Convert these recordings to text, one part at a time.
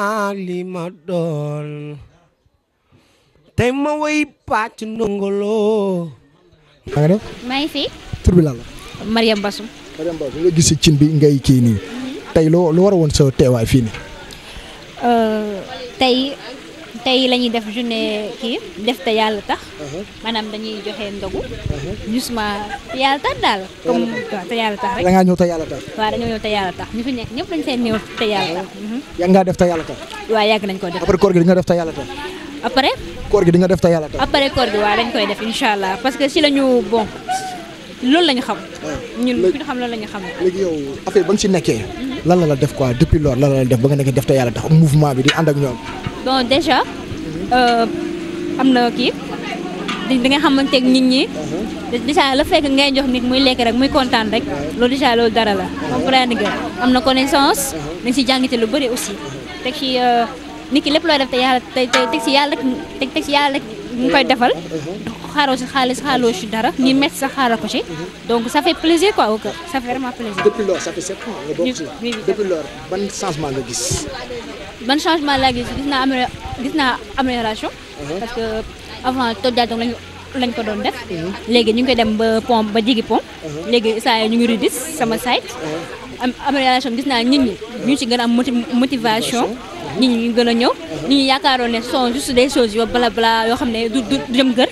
alima doon tey ma woy pàcc ndongolo. maa ngi def. maa fi. tur bi la. Mariam Bassou. Mariam Bassou ñu ngay kii nii. Mhm. tey loo lu war a woon sa teewaay fii nii. Euh, tey. tay lañuy def journée ki def ta yalla tax manam dañuy joxe ndogu jusma yalla tax dal comme ta yalla tax rek la nga ñu ta yalla tax wa dañu ñu ta yalla tax ñu fi nek ñep dañ seen ñew ta yalla tax ya nga def ta yalla tax wa yag nañ ko def après koor gi nga def ta yalla tax après koor gi di nga def ta yalla tax après koor gi wa dañ koy def inshallah parce que si lañu bon lool lañu xam ñun ñu xam lool lañu xam legi yow affaire ba nga ci nekké lan la la def quoi depuis lool lan la la def ba nga nek def ta yalla tax mouvement bi di and ak ñoom bon déjà euh, amna ki di nga xamanté ak nit ñi déjà le fait que ngay jox nit muy lekk rek muy content rek lo déjà lo dara la comprendre nga amna connaissance dañ ci jangité lu bëri aussi tek ci euh nit ki lepp looy def te yàlla te teg si yàlla tek teg si yàlla mu koy defal xaro ci xaliss xalo ci dara ni met sa xara ko ci donc ça fait plaisir quoi ça fait vraiment plaisir depuis lors ça fait 7 ans depuis lors ban changement nga gis man changement laa gis naa amé gis naa amélioration. Mhm. parce que avant toj daal lañ lañ ko doon def. Mhm. léegi ñu ngi koy dem ba pont ba jigi pont. Mhm. léegi saa ñu ngi ridis sama site. am amélioration gis naa nit ñi. ñu ci gën a am motivation. nit ñi ñu gën a ñëw. nit ñi yaakaaroon ne sont juste des choses yoo bala bala yoo xam ne du du jëm gër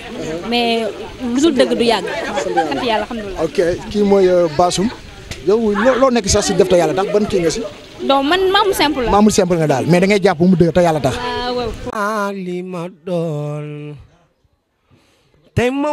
mais lu dul dëgg du yàgg. sant yàlla alhamdulilah ok kii mooy euh, Bassoum. yow loo nekk sax si def yàlla tax ban kii nga si. donc man maamu simple la. maamu simple nga daal mais dangay jàpp mu dëgg te yàlla tax. Ah, waaw li ma doon tey ma